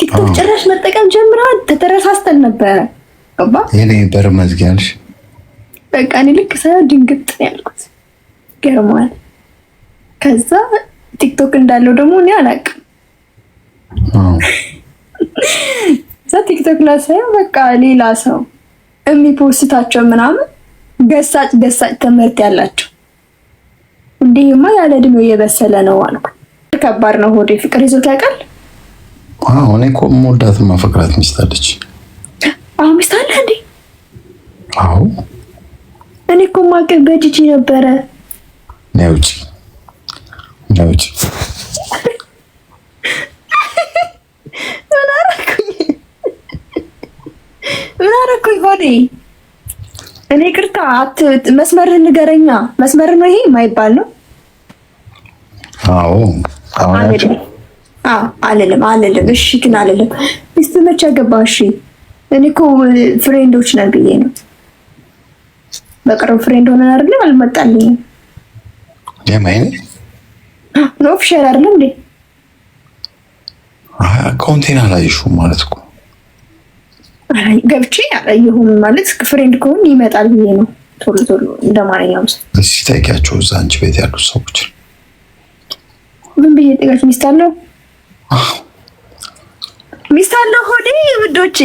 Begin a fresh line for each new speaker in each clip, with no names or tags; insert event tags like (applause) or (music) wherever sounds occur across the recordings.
ቲክቶክ ጭራሽ መጠቀም ጀምረዋል። ተተረሳስተን ነበረ ገባ
ይሄ በር መዝጊያልሽ
በቃ እኔ ልክ ሰ ድንግጥ ያልኩት ገርሟል። ከዛ ቲክቶክ እንዳለው ደግሞ እኔ አላቅም እዛ ቲክቶክ ላይ ሳየው በቃ ሌላ ሰው የሚፖስታቸው ምናምን ገሳጭ ገሳጭ ትምህርት ያላቸው እንዲህማ ያለ እድሜው እየበሰለ ነው አልኩ። ከባድ ነው ሆዴ ፍቅር ይዞት ያውቃል።
አዎ እኔ እኮ የምወዳት ማፈቅራት ሚስት አለች።
አዎ ሚስት አለ እንዴ? አዎ እኔ እኮ የማውቀው በጂጂ ነበረ።
ነይ ውጪ፣ ነይ ውጪ።
ምን አደረኩኝ? ምን አደረኩኝ? ሆዴ እኔ ቅርታ አት መስመር ንገረኛ። መስመር ነው ይሄ የማይባል ነው።
አዎ አሁን አይደል
አልልም አልልም። እሺ ግን አልልም። ሚስት መቼ ገባ? እሺ እኔ እኮ ፍሬንዶች ነን ብዬ ነው። በቅርብ ፍሬንድ ሆነን አይደለም። አልመጣልኝም። የማይን ኖፍ ሼር አይደለም እንዴ?
አካውንቴን አላየሽውም ማለት እኮ
ገብቼ አላየሁም ማለት ፍሬንድ ከሆን ይመጣል ብዬ ነው። ቶሎ ቶሎ እንደማንኛውም ሰው
እስኪ ጠይቂያቸው፣ እዛ አንቺ ቤት ያሉት ሰዎች
ምን ብዬ ጠይቃቸው ሚስት አለው ሚስታለ ሆዴ ውዶቼ፣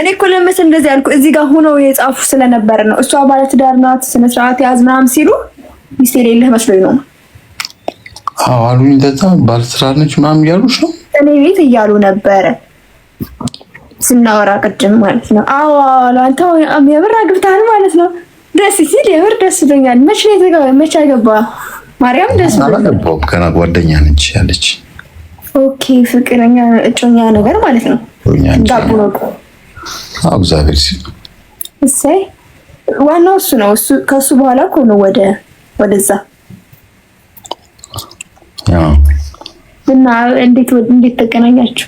እኔ እኮ ለመስ እንደዚህ ያልኩ እዚህ ጋር ሆነው የጻፉ ስለነበረ ነው። እሷ ባለ ትዳር ናት፣ ስነ ስርዓት ያዝ ምናምን ሲሉ ሚስት የሌለህ መስሎኝ ነው።
አዎ አሉኝ። እንደዛ ባለ ትዳር ነች ምናምን እያሉሽ ነው?
እኔ ቤት እያሉ ነበረ ስናወራ ቅድም ማለት ነው። አዎ አንተ የምር አግብተሃል ማለት ነው። ደስ ሲል የምር ደስ ብሎኛል። መቼ ነው የተገባ? መች አገባ? ማርያም ደስ ብሎኛል።
አላገባሁም ገና ጓደኛ ነች ያለች
ኦኬ ፍቅረኛ እጮኛ ነገር ማለት ነው። ዳቦ ነው
እግዚአብሔር ሲል
እሰይ፣ ዋናው እሱ ነው። እሱ ከሱ በኋላ እኮ ነው ወደ ወደዛ እና እንዴት እንዴት ተገናኛችሁ?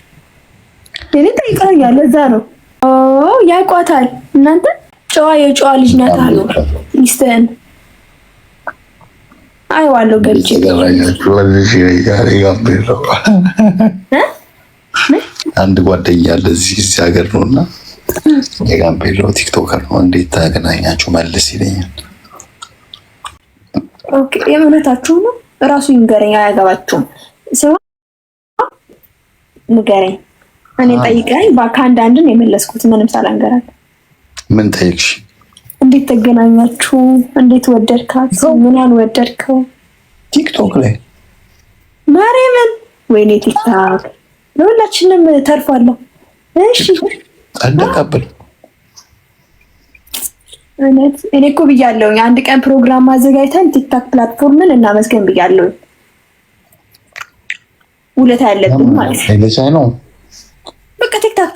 እኔ ጠይቀኸኛል። ለዛ ነው ያውቋታል። እናንተ ጨዋ የጨዋ ልጅ ናት አሉ ሚስትህን አይዋለሁ ገልጭ
አንድ ጓደኛ አለ እዚህ እዚህ ሀገር ነው እና የጋምቤላው ቲክቶከር ነው። እንዴት ተገናኛችሁ መልስ ይለኛል።
የእውነታችሁ ነው? እራሱ ይንገረኝ። አያገባችሁም ሰው ንገረኝ። እኔ ጠይቀኝ። ከአንድ አንድን የመለስኩት ምንም ሳላንገራል። ምን ጠይቅሽ? እንዴት ተገናኛችሁ? እንዴት ወደድካት? ምን አልወደድከው? ቲክቶክ ላይ ማርያምን፣ ወይኔ ቲክቶክ ለሁላችንም ተርፏለሁ። እሺ አደቀብል እውነት እኔ እኮ ብያለሁኝ፣ አንድ ቀን ፕሮግራም አዘጋጅተን ቲክታክ ፕላትፎርምን እናመስገን ብያለሁኝ። ውለታ ያለብን
ማለት ነው።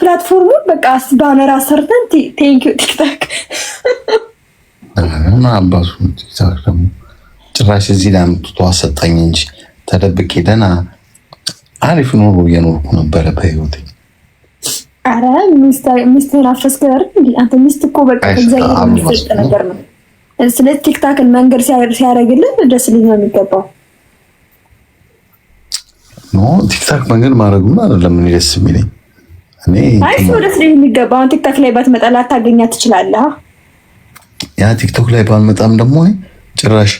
ፕላትፎርሙን በቃ ባነር አሰርተን ቴንኪ ቲክታክ
አባሱ ቲክታክ ደግሞ ጭራሽ እዚህ ላይ አሰጠኝ እንጂ ተደብቄ ደህና አሪፍ ኖሮ እየኖርኩ ነበረ በህይወት።
አረ ሚስትህን አፈስክ አንተ ሚስት እኮ በቃ
እግዚአብሔር የሚሰጥ ነገር ነው።
ስለ ቲክታክን መንገድ ሲያደርግልን ደስ ልኝ ነው የሚገባው።
ኖ ቲክታክ መንገድ ማድረጉ አይደለም እኔ ደስ የሚለኝ
አይስ የሚገባ አሁን ቲክቶክ ላይ ባትመጣ ላታገኛት ትችላለህ።
ያ ቲክቶክ ላይ ባልመጣም ደግሞ ጭራሽ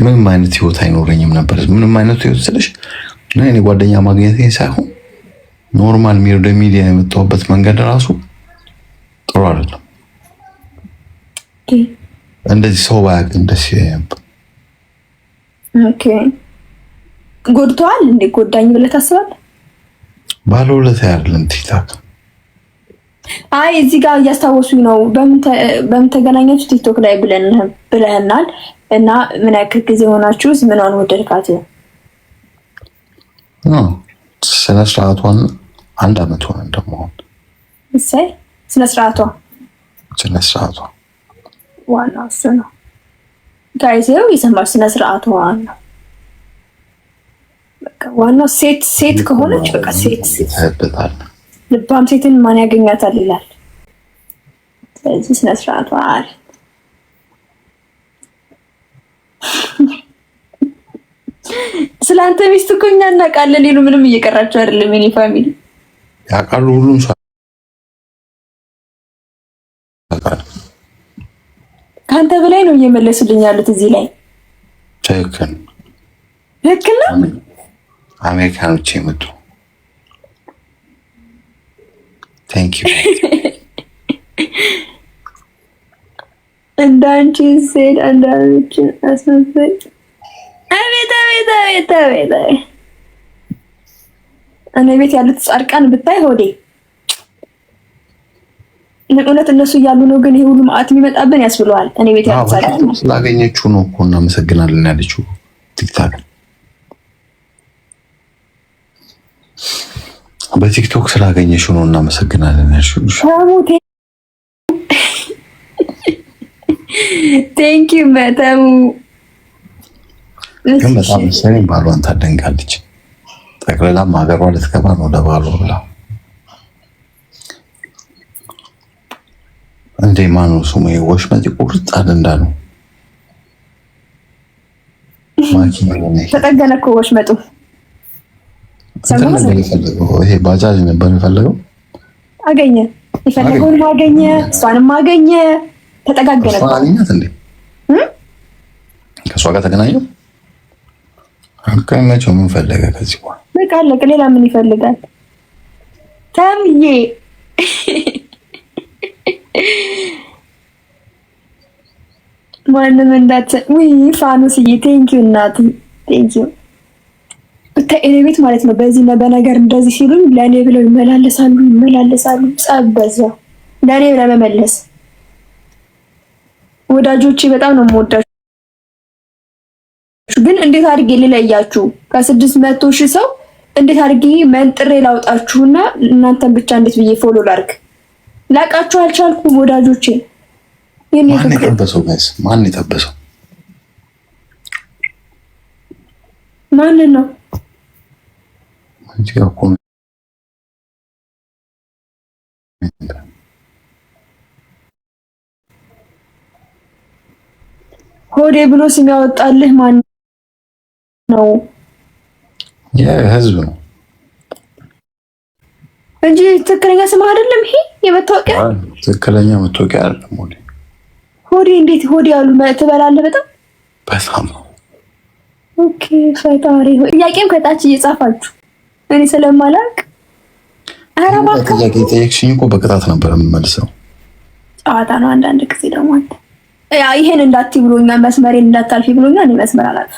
ምንም አይነት ህይወት አይኖረኝም ነበር። ምንም አይነት ህይወት ስልሽ እና እኔ ጓደኛ ማግኘት ሳይሆን ኖርማል ወደ ሚዲያ የመጣሁበት መንገድ ራሱ ጥሩ አይደለም። እንደዚህ ሰው ባያውቅም ደስ
ጎድተዋል እንዴ? ጎዳኝ ብለህ ታስባለህ?
ባለውለታ አይደለም ቲክታክ
አይ እዚህ ጋር እያስታወሱኝ ነው። በምን ተገናኛችሁ? ቲክቶክ ላይ ብለህናል እና ምን ያክል ጊዜ ሆናችሁ? ምኗን ወደድካት?
ስነ ስርዓቷን አንድ አመት ሆነ እንደመሆን
እሰይ። ስነ ስርዓቷ ስነ ስርዓቷ ዋና እሱ ነው። ጋይዜው ይሰማል። ስነ ስርዓቷ ነው ዋናው። ሴት ሴት ከሆነች በቃ ሴት ሴት ልባም ሴትን ማን ያገኛታል ይላል። ስለዚህ ስነ ስርዓቱ አሪፍ ስለ ሚስት እኮ እኛ እናውቃለን። ሌሉ ምንም እየቀራቸው አይደለም። የኔ ፋሚሊ
ያውቃሉ፣ ሁሉም ሰው
ከአንተ በላይ ነው እየመለሱልኝ ያሉት እዚህ ላይ ትክክል ትክክል ነው።
አሜሪካኖች የመጡ ታንክ ዩ
እንዳንቺ ሴት አንዳንዶችን አስመሰል። አቤት አቤት አቤት አቤት አቤት እኔ ቤት ያሉት ጻድቃን ብታይ ሆዴ እውነት እነሱ እያሉ ነው። ግን ይሄ ሁሉ መዓት የሚመጣብን ያስብለዋል። እኔ ቤት ያሉት ጻድቃን
ስላገኘችው ነው እኮ እናመሰግናለን ያለችው ቲክታክ በቲክቶክ ስላገኘሽው ነው። እናመሰግናለን።
ያልሽሙቴ ቴንክ ዩ በተሙ
ግን በጣም ምሳሌ ባሏን ታደንቃለች። ጠቅልላም ሀገሯ ልትገባ ነው ለባሏ ብላ እንዴ ማኑ ስሙ ወሽመጥ ቁርጥ አደንዳ ነው
ተጠገነ እኮ ወሽመጡ
ይሄ ባጃጅ ነበር
አገኘ፣ የፈለገውን አገኘ፣ እሷንም አገኘ።
ከእሷ ጋር አቀመቸው። ምን ፈለገ ከዚህ
በቃ አለቀ። ሌላ ምን ይፈልጋል? ተምዬ ማንም እንዳት ፋኑስዬ፣ ቴንኪዩ እናት ቴንኪዩ ብታይ ቤት ማለት ነው በዚህ በነገር እንደዚህ ሲሉኝ ለእኔ ብለው ይመላለሳሉ ይመላለሳሉ። ጸብ ለእኔ ለመመለስ ወዳጆቼ በጣም ነው የምወዳችሁ፣ ግን እንዴት አድርጌ ልለያችሁ? ከስድስት መቶ ሺህ ሰው እንዴት አድርጌ መንጥሬ ላውጣችሁና እናንተን ብቻ እንዴት ብዬ ፎሎ ላርግ? ላቃችሁ አልቻልኩም ወዳጆቼ።
ማን የጠበሰው ጋይስ? ማን የጠበሰው ማንን ነው? እዚህ ጋር ኮሜንት
ሆዴ ብሎ ስም ያወጣልህ ማን ነው?
የህዝብ ነው
እንጂ ትክክለኛ ስም አይደለም። ይሄ የመታወቂያ
ትክክለኛ መታወቂያ አይደለም። ሆዴ
ሆዴ እንዴት ሆዴ ያሉ ትበላለህ? በጣም በጣም ኦኬ። ፈጣሪ ጥያቄም ከታች እየጻፋችሁ እኔ ስለማላቅ
ጥያቄ ጠየቅሽኝ እኮ በቅጣት ነበር የምመልሰው።
ጨዋታ ነው። አንዳንድ ጊዜ ደግሞ ይሄን እንዳት ብሎኛል፣ መስመሬን እንዳታልፊ ብሎኛል። እኔ መስመር አላልፍ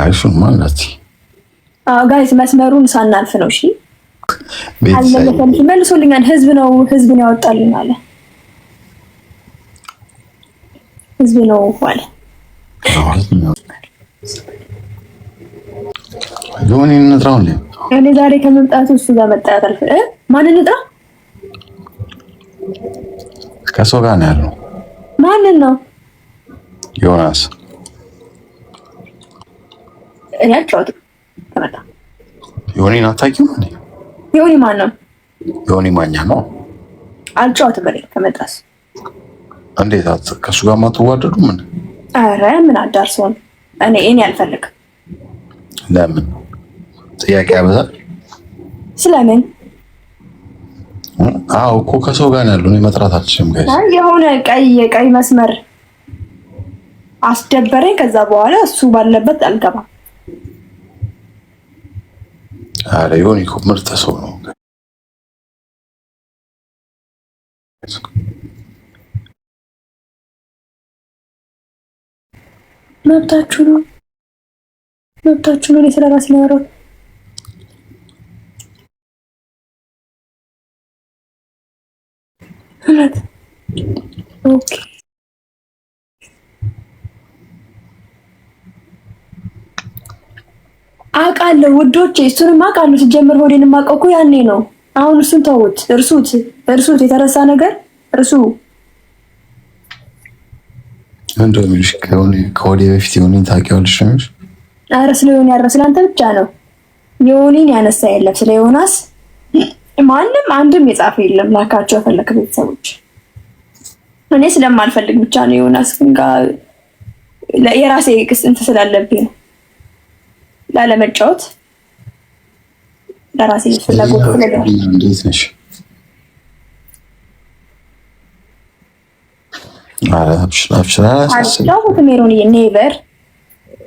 አይሹማ እንዳት
ጋይዝ መስመሩን ሳናልፍ ነው። እሺ መልሶልኛል። ህዝብ ነው ህዝብ ነው ያወጣልኝ አለ ህዝብ ነው አለ
ጆኒ እንጥራው እንዴ?
እኔ ዛሬ ከመምጣቱ እሱ ጋር መጣያት አልፈ ማን እንጥራ?
ከእሱ ጋር ነው ያለው። ማንን ነው? ዮናስ
እኔ አጫወት ተመጣ።
ዮኒን አታውቂው? ዮኒ ማን ነው? ዮኒ ማኛ ነው።
አልጫወትም እኔ ከመጣስ።
እንዴት ከሱ ጋር ማትዋደዱ? ምን
አረ ምን አዳርሶን እኔ እኔ አልፈልግም።
ለምን ጥያቄ ያበዛል። ስለምን? አዎ እኮ ከሰው ጋር ያሉ ነው መጥራት አልችልም።
የሆነ ቀይ የቀይ መስመር አስደበረኝ። ከዛ በኋላ እሱ ባለበት አልገባም።
አረ ዮኒ እኮ ምርጥ ሰው ነው።
መብታችሁ ነው፣ መብታችሁ ነው። እኔ ስለራሴ ነው ያወራሁት። እውነት ኦኬ። አውቃለሁ ውዶቼ፣ እሱንም አውቃለሁ። ሲጀምር ሆዴን የማውቀው እኮ ያኔ ነው። አሁን እሱን ተውት፣ እርሱት፣ እርሱት። የተረሳ ነገር እርሱ
እንደው የሚልሽ ከወዴ በፊት የሆነኝ ታውቂዋለሽ
ኧረ ስለ ዮኒ ያረ ስለ አንተ ብቻ ነው። የሆኔን ያነሳ የለም ስለ ዮናስ ማንም አንድም የጻፈ የለም። ላካቸው የፈለክ ቤተሰቦች እኔ ስለማልፈልግ ብቻ ነው የሆናስ ጋር የራሴ ክስ እንትን ስላለብኝ ነው ላለመጫወት ለራሴ ፍላጎት
ስለለሽ
ኔቨር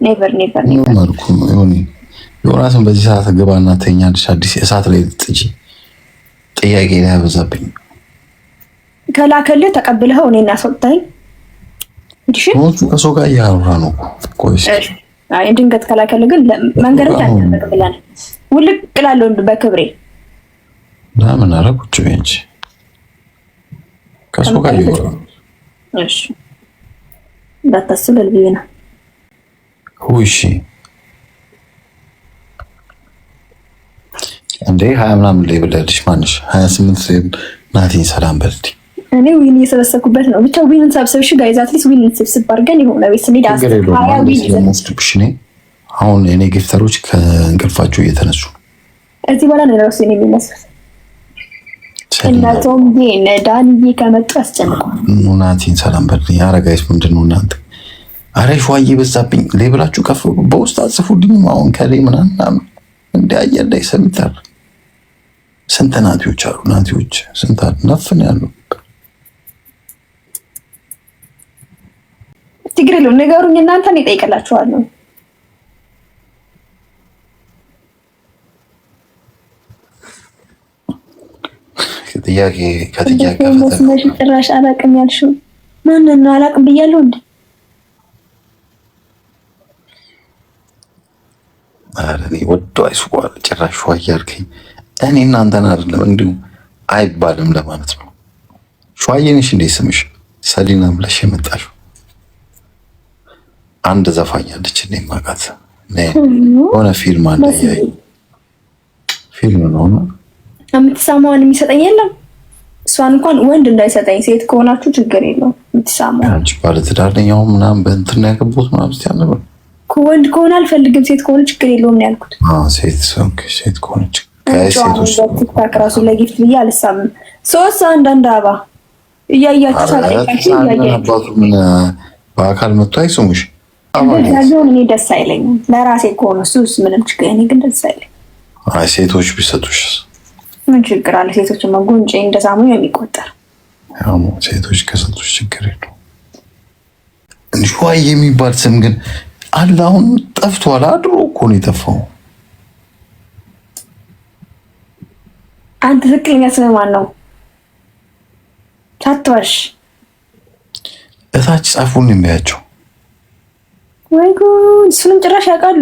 ኔቨር
ዮናስን በዚህ ሰዓት ግባና ተኛ አዲስ አዲስ እሳት ላይ ጥጪ ጥያቄ ላይ ያበዛብኝ።
ከላከልህ ተቀብለኸው እኔ እናስወጥተኝ ሞቱ
ከሰው ጋር እያወራ ነው። ቆይስ
ድንገት ከላከልህ ግን መንገድ ብላል ውልቅ እላለሁ በክብሬ
ምናምን አረ ቁጭ በይ እንጂ ከሰው ጋር እያወራ
እንዳታስብ ልብዬ ነው
እሺ እንዴ ሀያ ምናምን ላይ ብለልሽ ማንሽ ሀያ ስምንት ናቲን ሰላም በልቲ
እኔ ዊን እየሰበሰብኩበት ነው። ብቻ ዊንን ሰብስብሽ ጋይዝ፣ አትሊስት ዊን ስብስብ አድርገን የሆነ ቤት ስንሄድ
ስወስድብሽ እኔ አሁን እኔ ጊፍተሮች ከእንቅልፋቸው እየተነሱ
እዚህ በኋላ ነው ራሱ ኔ የሚመስል እናቶም ዳንዬ ከመጡ ያስጨንቋል።
ናቲን ሰላም በልኝ። አረጋይስ ምንድን ነው እናንተ? አረ ሸዋዬ በዛብኝ ሌብላችሁ ከፍ በውስጥ አጽፉልኝ። አሁን ከሌ ምናምን እንዲ አየር ላይ ሰምታል ስንት ናቲዎች አሉ። ናቲዎች ስንት ናፍን ያሉ
ችግር የለውም። ነገሩኝ እናንተ እኔ እጠይቅላችኋለሁ።
ጥያቄ ከጥያቄ
ጭራሽ አላቅም ያልሽው ማንን ነው? አላቅም ብያለሁ እንዴ?
ወዶ አይስቋል ጭራሽ ዋያልከኝ እኔ እናንተን አይደለም እንዲሁ አይባልም ለማለት ነው። ሸዋዬንሽ እንዴ ስምሽ ሰሊና ብለሽ የመጣሽው አንድ ዘፋኝ አለች እኔ የማውቃት ሆነ ፊልም አለ ያይ ፊልም ነው ነው
የምትሳማውን የሚሰጠኝ የለም። እሷን እንኳን ወንድ እንዳይሰጠኝ ሴት ከሆናችሁ ችግር የለው የምትሳማው
አንቺ ባለትዳር ነኝ አሁን ምናምን በእንትን ነው ያገቡት ምናምን ስትይ አልነበረ
ወንድ ከሆነ አልፈልግም ሴት ከሆነ ችግር የለውም ነው ያልኩት።
ሴት ሴት ከሆነ ችግር ቲክታክ
ራሱ ለጊፍት ብዬ አልሳምም። ሶስት አንዳንድ አባ
እያያችሁ አባቱ ምን በአካል መጥቶ አይስሙሽ
ቢሆን እኔ ደስ አይለኝም። ለራሴ ከሆነ ሱስ ምንም ችግር፣ እኔ ግን ደስ አይለኝ።
አይ ሴቶች ቢሰጡሽ
ምን ችግር አለ? ሴቶች ጉንጭ እንደሳሙ ነው የሚቆጠር።
ሴቶች ከሰጡሽ ችግር የለውም። እንዲሁ የሚባል ስም ግን አለ አሁን ጠፍቷል። አድሮ እኮ ነው የጠፋው።
አንተ ትክክለኛ ስም ማን ነው? ሳትዋሽ
እታች ጻፉን እናያቸው።
ወይ ጉድ! እሱንም ጭራሽ ያውቃሉ።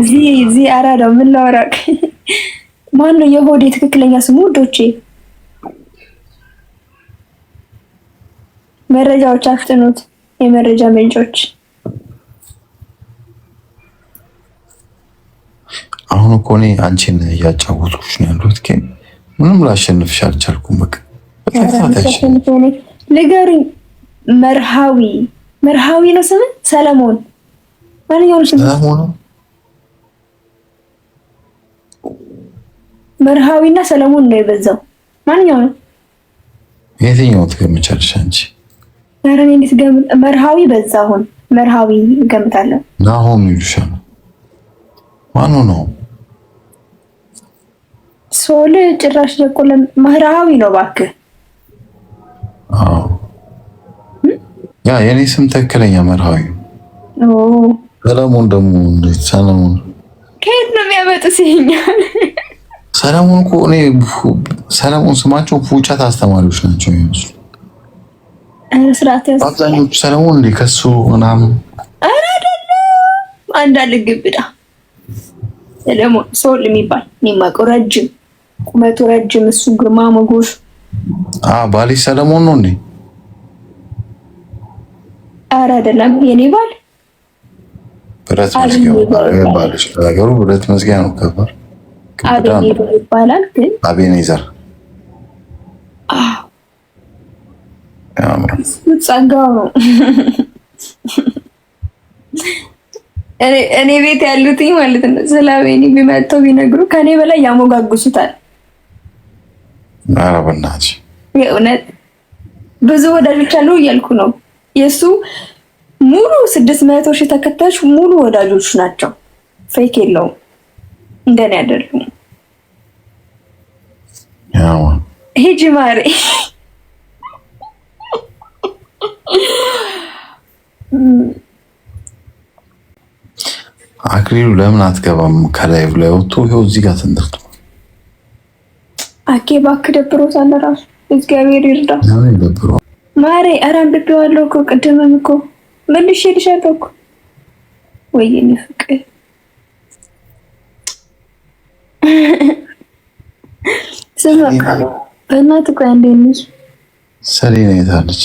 እዚህ አራዳው ምን ላወራቅ። ማን ነው (laughs) የሆዴ ትክክለኛ ስሙ? ውዶቼ መረጃዎች አፍጥኑት፣ የመረጃ ምንጮች
አሁን እኮ እኔ አንቺን እያጫወቶች ነው ያሉት፣ ግን ምንም ላሸንፍሽ አልቻልኩም። በቃ
ንገሪኝ። መርሃዊ መርሃዊ ነው ስም ሰለሞን ማንኛውም ስም መርሃዊ እና ሰለሞን ነው የበዛው። ማንኛው ነው
የትኛው ትገምቻለሽ አንቺ?
ኧረ እኔ እንዴት ገም መርሃዊ በዛ። አሁን መርሃዊ እገምታለሁ።
ናሆም ይሉሻል። ማኑ ነው
ሶል ጭራሽ ደቆለ ማህራዊ ነው እባክህ።
ያ የኔ ስም ትክክለኛ መርሃዊ። ሰለሞን ደግሞ እንዴት ሰለሞን
ከየት ነው የሚያመጡ ይኸኛል
ሰለሞን እኮ እኔ ሰለሞን ስማቸው ፉጫት አስተማሪዎች ናቸው ይመስሉ አብዛኞቹ ሰለሞን እንዴ ከሱ ምናምን
ኧረ አይደለም። አንዳንድ ግብዳ ሰለሞን ሶል የሚባል እኔ የማውቀው ረጅም ቁመቱ ረጅም፣ እሱ ግርማ ሞገስ።
ባሌ ሰለሞን ነው እንዴ?
አረ አይደለም፣ የኔ ባል
ብረት መዝጊያ ነው። ብረት መዝጊያ ነው። ከባድ
አቤኔዘር ይባላል። ግን አቤኔዘር ጸጋው ነው። እኔ ቤት ያሉትኝ ማለት ነው። ስለ አቤኔ ቢመጣው ቢነግሩ ከእኔ በላይ ያሞጋግሱታል።
ኧረ በእናትሽ
የእውነት ብዙ ወዳጆች አሉ እያልኩ ነው። የእሱ ሙሉ ስድስት መቶ ሺህ ተከታዮች ሙሉ ወዳጆች ናቸው። ፌክ የለውም። እንደኔ አይደሉም። ሂጂ ማሬ
አክሊሉ ለምን አትገባም? ከላይቭ ላይ ወጥቶ ይኸው እዚህ ጋር ትንድርት
አኬ እባክህ ደብሮታል እራሱ እግዚአብሔር ይርዳ። ማሬ አራም ደብዋለሁ እኮ ቅድምም እኮ መልሼ ልሻለሁ እኮ ወይኔ ፍቅር ስማካ በእናትህ ቆይ እንዴት ነሽ?
ሰሌና የት አለች?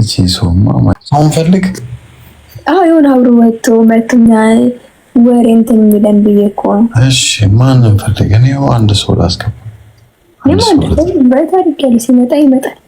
እቺ ሰውማ ሰውን ፈልግ።
አዎ የሆነ አብሮ መጥቶ መጥቶኛ ወሬ እንትን የሚለን ብዬ እኮ ነው።
እሺ ማንን ፈልግ? እኔ አንድ ሰው ላስገባ
ለማንድ ይመጣል።